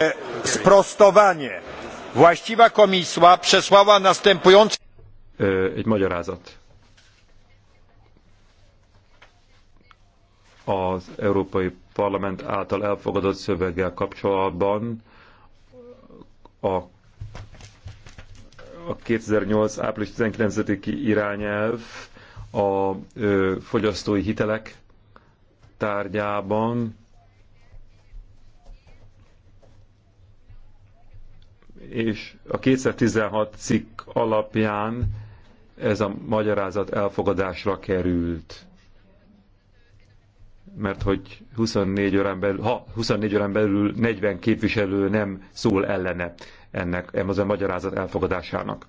E, sprostowanie. Właściwa komisła przesłała następujące... Egy magyarázat. Az Európai Parlament által elfogadott szöveggel kapcsolatban a 2008. április 19-i irányelv a fogyasztói hitelek tárgyában és a 2016 cikk alapján ez a magyarázat elfogadásra került. Mert hogy 24 órán belül, ha 24 órán belül 40 képviselő nem szól ellene ennek, ennek a magyarázat elfogadásának.